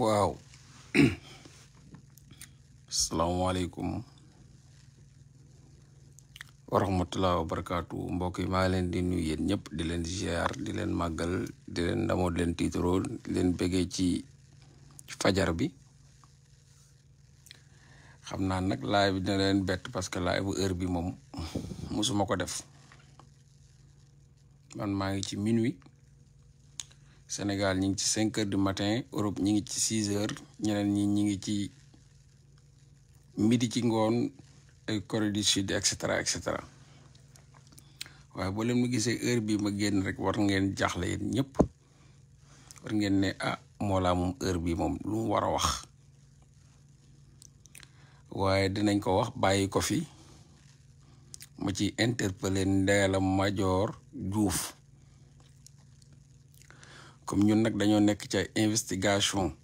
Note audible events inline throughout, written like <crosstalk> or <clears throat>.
waaw <clears throat> asalaamaaleykum wa rahmatulah wa barakaatu mbokk yi maa leen di nuyu yéen ñëpp di leen ger di leen màggal di leen ndamoo leen tiitaroo di leen bëggee ci fajar bi xam naa nag live bi dina leen bett parce que live bu heure bi moom mosuma ko def man maa ngi ci minuit Sénégal ñi ngi ci cinq heures du matin Europe ñi ngi ci six heures ñeneen ñi ñi ngi ci midi ci ngoon ay Corée du Sud et cetera waaye boo leen ma gisee heure bi ma génn rek war ngeen jaaxle yéen ñëpp war ngeen ne ah moolaa moom heure bi moom lu mu war a wax waaye dinañ ko wax bàyyi ko fi ma ci interpeller Ndella Madior Diouf comme ñun nag dañoo nekk ci investigation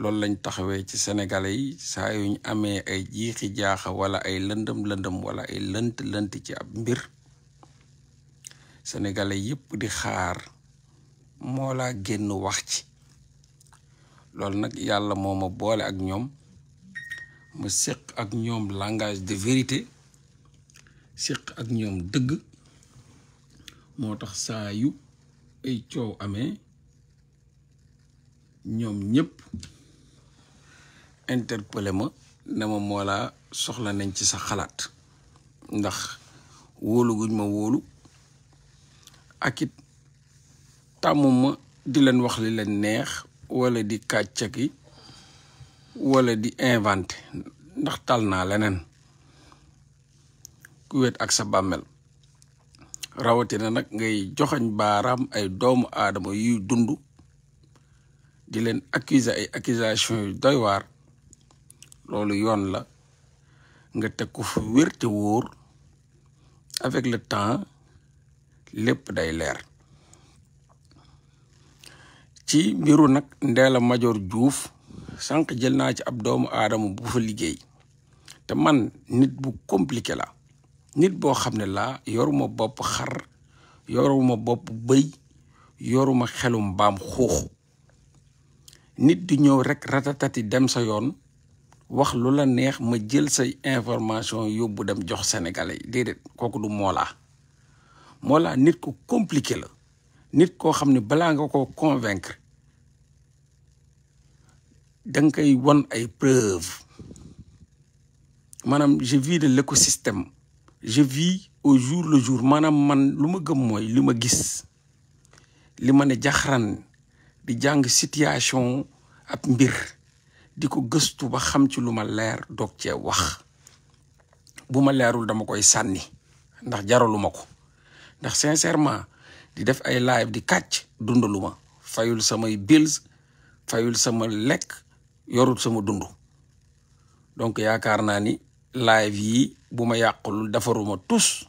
loolu lañ taxawee ci sénégalais yi saa yu ñu amee ay jiixi jaaxa wala ay lëndëm lëndëm wala ay lënt lënt ci ab mbir sénégalais yëpp di xaar moo laa génn wax ci loolu nag yàlla mooma boole ak ñoom ma séq ak ñoom langage de vérité séq ak ñoom dëgg moo tax saa ay coow amee ñoom ñëpp interpellé ma ne ma moolaa soxla nañ ci sa xalaat ndax wóolu ma wóolu ak it tàmmuma di leen wax li leen neex walla di kàccaki wala di inventé ndax tal naa leneen ku wet ak sa bàmmeel rawatina nag ngay joxañ baaraam ay doomu aadama yuy dund di leen accuser ay accusation yu doy loolu yoon la nga teg ko fu wér te wóor avec le temps lépp day leer ci mbiru nag Ndella majoor juuf sànq jël naa ci ab doomu aadama bu fa liggéey te man nit bu compliqué la nit boo xam ne laa yoruma bopp xar yoruma bopp bëy yoruma xelum baam xuux nit di ñëw rekk ratatati dem sa yoon wax lu la neex ma jël say information yóbbu dem jox sénégalais yi déedéet kooku du moolaa moolaa nit ku compliqué la nit koo xam ne balaa nga ko convaincre danga koy won ay preuve maanaam je vis de l'écosystème je vis au jour le jour manam man luma lumegis, gëm moy luma gis li jaxran di jang situation ab mbir diko ko gëstu ba xam ci luma leer doog wax bu ma leerul dama koy sanni ndax jaraluma ko ndax sincèrement di def ay live di katch dunduluma fayul sama bills fayul sama lek yorul sama dundu donc yakarna ni live yi bu ma dafaruma tous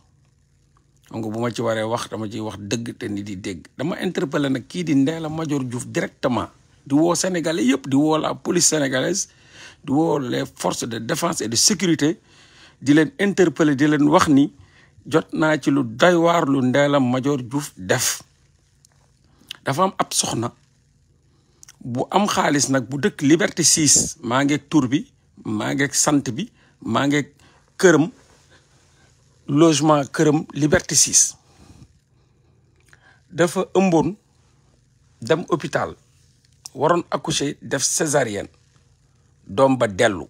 ngo buma bu ci waré wax dama ci wax deug té ni di deg. dama interpeller nak ki di ndéla major djouf directement di wo sénégalais yépp di wo la police sénégalaise di wo les forces de défense et de sécurité di len interpeller di len wax ni jot na ci lu doy war lu ndéla major djouf def dafa am ab soxna bu am xaalis nak bu dëkk Liberté 6 ma ngeeg tour bi ma sante bi ma këram logement këram Liberté 6 dafa ëmboon dem hôpital waroon accoucher def césarienne doom ba dellu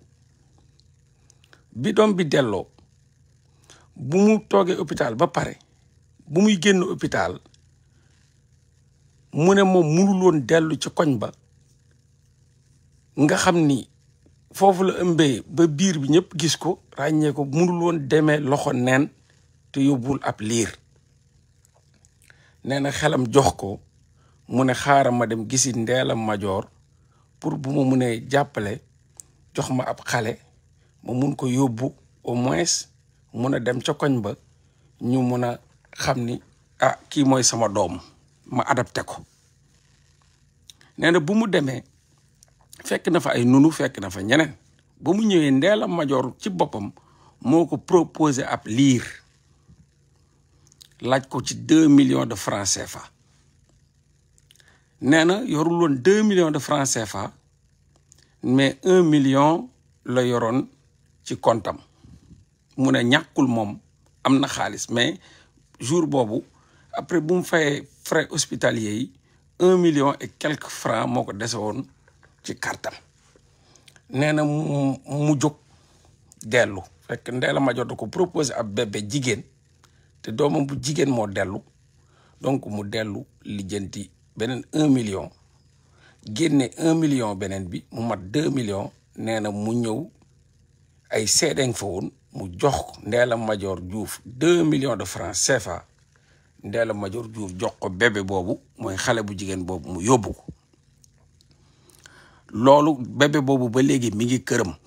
bi doom bi delloo bu mu toogee hôpital ba pare bu muy génn hôpital mu ne moom mënul woon dellu ci koñ ba nga xam ni foofu la ëmbee ba biir bi ñëpp gis ko ràññee ko mënul woon demee loxo neen te yóbbul ab liir nee na xelam jox ko mu ne xaaral ma dem gisi ndeelam majoor pour bu ma mënee jàppale jox ma ab xale ma mun ko yóbbu au moins mun a dem ca koñ ba ñu mun a xam ni ah kii mooy sama doom ma adapté ko nee na bu mu demee fekk na fa ay nunu fekk na fa ñeneen Si vous ñëwé ndélam major ci bopam moko proposer lire 2 millions de francs CFA néna a 2 millions de francs CFA mais 1 million la compte. ci comptam mu né ñakul mom amna xaliss mais jour bobu après bu fayé frais hospitalier 1 million et quelques francs moko déssawone ci nee na mu jóg dellu fekk Ndella Madior da ko proposé ab bébé jigéen te doomam bu jigéen moo dellu donc mu dellu lijjanti beneen un million génne un million beneen bi mu mat deux million nee na mu ñëw ay seedeñ fa woon mu jox Ndella Madior Diouf deux million de francs CFA Ndella Madior Diouf jox ko bébé boobu mooy xale bu jigéen boobu mu yóbbu ko loolu bébé boobu ba léegi mi ngi këram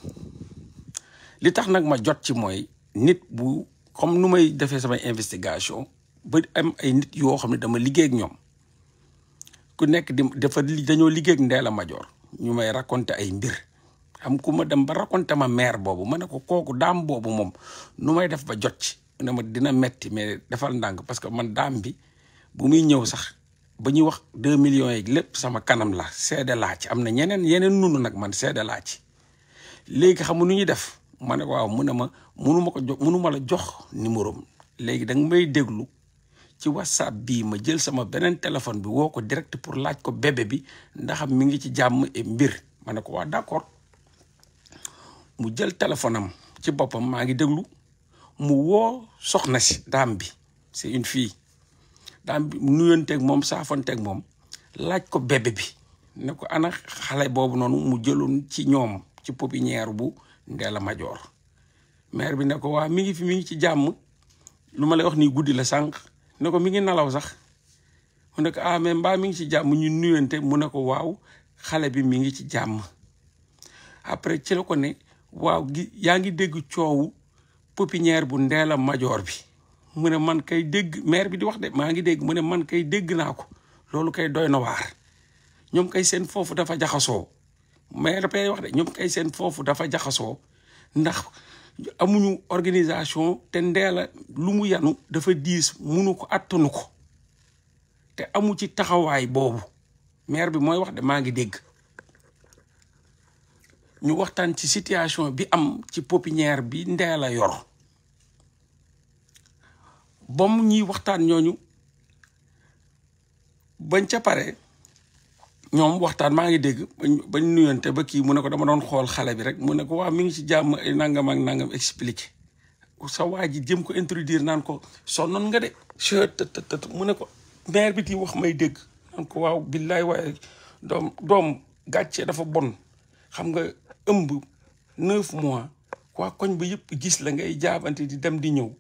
li tax nag ma jot ci mooy nit bu comme nu may defee samay investigation ba am ay nit yoo xam ne dama liggéey ak ñoom ku nekk di dafa dañoo liggéey ak Ndella Madior ñu may raconté ay mbir am ku ma dem ba raconté ma mère boobu ma ne ko kooku daam boobu moom nu may def ba jot ci ma dina metti mais defal ndànk parce que man daam bi bu muy ñëw sax ba ñuy wax deux millions yeeg lépp sama kanam la seede laa ci am na ñeneen yeneen nunu nag man seede laa ci léegi xam nu ñuy def ma ne waaw mu ne ma munu ma ko jox la jox numéro am léegi da may déglu ci whatsapp bii ma jël sama beneen téléphone bi woo ko direct pour laaj ko bébé bi ndax mi ngi ci jàmm mbir ma ne ko waa d'accord mu jël téléphone am ci boppam maa ngi déglu mu woo soxna si daam bi c'est une fii daam nuyonteeg moom saafanteeg moom laaj ko bébé bi ne ko ana xale boobu noonu mu jëloon ci ñoom ci pépinière bu Ndella majoor maire bi ne ko waa mi ngi fi mi ngi ci jàmm lu ma lay wax nii guddi la sànq ne ko mi ngi nalaw sax mu ne ko ah mbaa mi ngi ci jàmm ñu nuyonte mu ne ko waaw xale bi mi ngi ci jàmm après ci la ko ne waaw yaa ngi dégg coowu pépinière bu ndeela majoor bi mu ne man kay dégg maire bi di wax de maa ngi dégg mu ne man kay dégg naa ko loolu kay doy na waar ñoom kay seen foofu dafa jaxasoo maire bi wax de ñoom kay seen foofu dafa jaxasoo ndax amuñu organisation te ndeela lu mu yanu dafa diis munu ko attanu ko te amu ci taxawaay boobu maire bi mooy wax de maa ngi dégg ñu waxtaan ci situation bi am ci pépinière bi ndeela yor ba mu ñuy waxtaan ñooñu bañ ca pare ñoom waxtaan maa ngi dégg bañ nuyante ba kii mu ne ko dama doon xool xale bi rek mu ne ko waaw mi ngi ci jàmm ay nangam ak nangam expliqué sa waa ji jëm ko introduire naan ko sonnoon nga de mu ne ko maire bi ti wax may dégg naan ko waaw billaay waaye doom doom gàcce dafa bon xam nga ëmb neuf mois waa koñ ba yëpp gis la ngay jaabante di dem di ñëw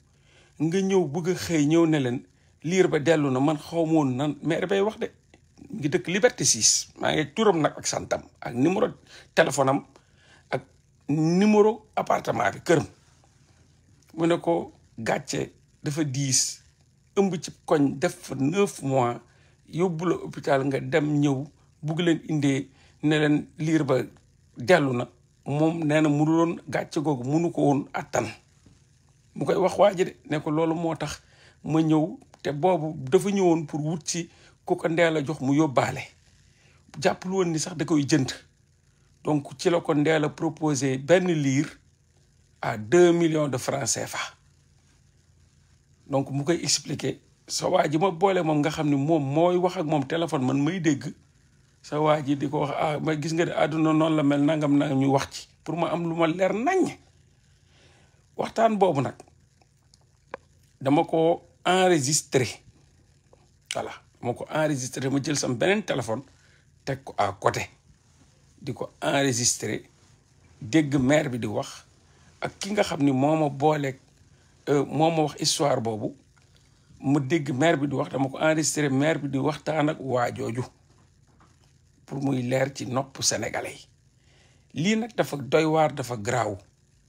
nga ñëw bëgg a xëy ñëw ne leen liir ba dellu na man xaw ma woon nan maire bay wax de ngi dëkk Liberté 6 maa ngi turam nag ak santam ak numéro téléphone ak numéro appartement bi këram mu ne ko gàcce dafa diis ëmb ci koñ def fa neuf mois yóbbu la hôpital nga dem ñëw bugg leen indee ne leen liir ba dellu na moom nee na mu doon gàcce googu mënu ko woon attan mu koy wax waa ji de ne ko loolu moo tax ma ñëw te boobu dafa ñëwoon pour wut ci ku ko ndeel a jox mu yóbbaale jàppul woon ni sax da koy jënd donc ci la ko ndeel proposé benn liir à deux millions de francs CFA donc mu koy expliqué sa waa ji ma boole moom nga xam ne moom mooy wax ak moom téléphone man may dégg sa waa ji di ko wax ah ma gis nga de àdduna noonu la mel nangam na ñu wax ci pour ma am lu ma leer naññ waxtaan boobu nag dama ko enregistré voilà dama ko enregistré mu jël sam beneen téléphone teg ko à côté di ko enregistré dégg maire bi di wax ak ki nga xam ni moo ma booleeg euh, moo ma wax histoire boobu ma dégg maire bi di wax dama ko enregistré maire bi di waxtaan ak waa jooju pour muy leer ci nopp sénégalais lii nag dafa doy waar dafa garaaw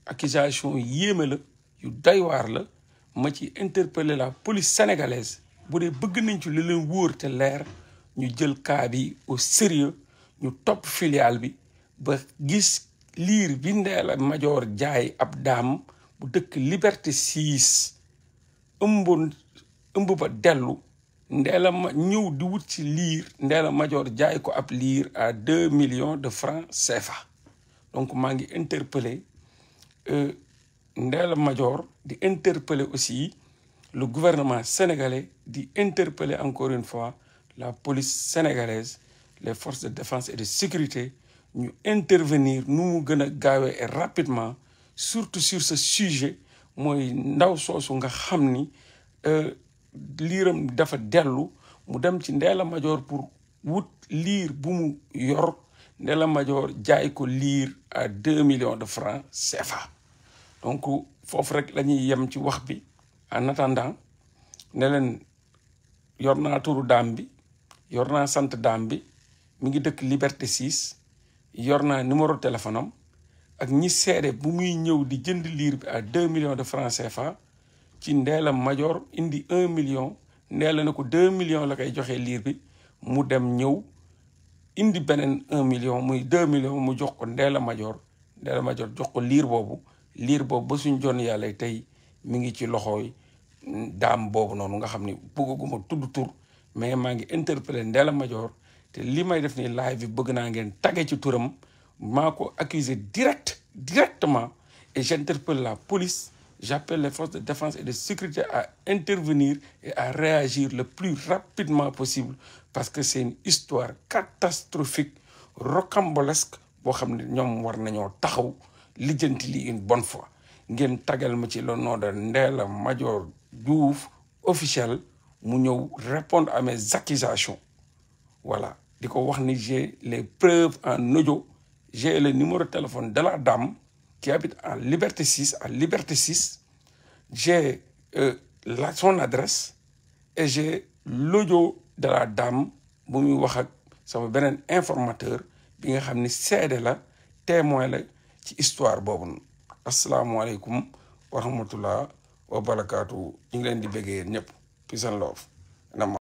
accusation yéeme la yu doy war la ma ci interpeller la police sénégalaise boudé bëgg nañ ci li leen wóor té lèr ñu jël cas bi au sérieux ñu top filiale bi ba gis lire bi Ndella Madior Ndiaye ab daam bu dëkk Liberté 6 ëmb ëmb ba dellu ndéla ma ñëw di wut ci lire ndéla major jaay ko ab lire à 2 millions de francs CFA donc ma ngi interpellé euh, Ndella Major di interpeller aussi le gouvernement sénégalais di interpeller encore une fois la police sénégalaise les forces de défense et de sécurité nous intervenir nous mu gën et rapidement surtout sur ce sujet moi ndaw soso nga xamni euh liram dafa delu mu dem ci ndela major pour wut lire bu mu yor ndela major jaay ko lire à 2 millions de francs CFA donc foofu rek la ñuy yem ci wax bi en attendant ne leen yor naa turu dambi, bi yor naa sant bi mi ngi dëkk Liberté 6 yor numéro téléphone ak ñi seede bu muy ñëw di jënd liir bi à deux millions de francs CFA ci Ndella major indi 1 million Ndella na ko deux millions la koy joxee liir bi mu dem ñëw indi beneen 1 million muy deux millions mu jox ko Ndella major Ndella Madior jox ko Lire boobu ba suñ jonne yalla tay mi ngi ci loxoy daam bobu noonu nga xamni bëgguma tudd tour mais ma ngi interpellé ndela major té li may def ni live bi bëgg naa ngeen tage ci touram mako accuser accusé direct directement et j'interpelle la police j'appelle les forces de défense et de sécurité à intervenir et à réagir le plus rapidement possible parce que c'est une histoire catastrophique rocambolesque bo xamni ñom war nañu taxaw lijjanti une bonne fois Je tagal ma le nom de officiel mu répondre à mes accusations voilà Donc, wax j'ai les preuves en audio j'ai le numéro de téléphone de la dame qui habite à Liberté 6 à Liberté 6 j'ai euh, la son adresse et j'ai l'audio de la dame bu mi wax ak sama informateur bi nga xamni c'est de la témoin ci histoire boobu asalaamaaleykum wa rahmatullah wa barakaatu ñu ngi leen di bëggee ñëpp peace and love